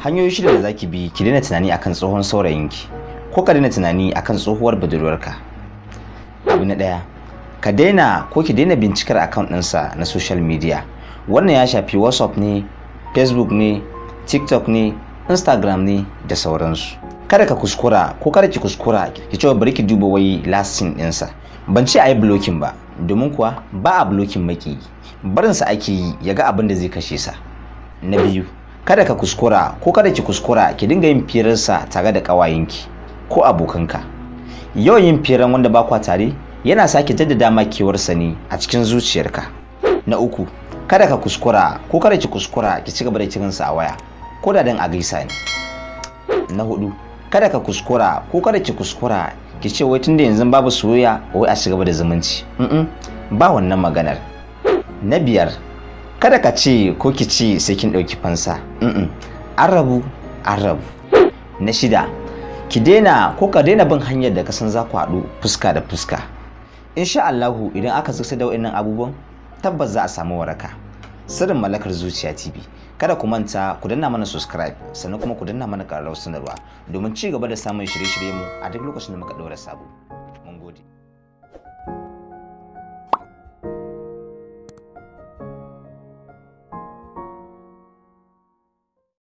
hanyoyi shida da zaki bi ki daina tunani akan tsohon saurayinki ko ka daina tunani akan tsohuwar budurwarka abu na ɗaya ka daina ko ki daina bincikar account ɗinsa na social media wannan ya shafi whatsapp ne facebook ne tiktok ne instagram ne da sauransu kada ka kuskura ko kada ki kuskura ki cewa bari ki duba wai scene ɗinsa ban ce a yi blocking ba domin kuwa ba a blocking maki barinsa ake yi ya ga abin da zai kashe sa na biyu kada ka kuskura ko kada ki kuskura ki dinga yin firarsa tare da ƙawayenki ko abokanka yawan yin firan wanda ba tare yana sake jaddada makewarsa ne a cikin zuciyarka na uku kada ka kuskura ko kada ki kuskura ki ci gaba da kiransa a waya ko da dan a gaisa ne na hudu kada ka kuskura ko kada ki kuskura ki ce wai tunda yanzu babu soyayya wai a ci gaba da zumunci ba wannan maganar na biyar kada ka ce ko ki ce sai kin ɗauki fansa an rabu an rabu na shida ki daina ko ka daina bin hanyar da ka san za ku haɗu fuska da fuska insha Allahu idan aka zuci da wa'annan abubuwan tabbas za a samu waraka sirrin mallakar zuciya TV kada ku manta ku danna mana subscribe sannan kuma ku danna mana ƙararrawar sanarwa domin ci gaba da samun shirye-shiryenmu a duk lokacin da muka ɗora sabo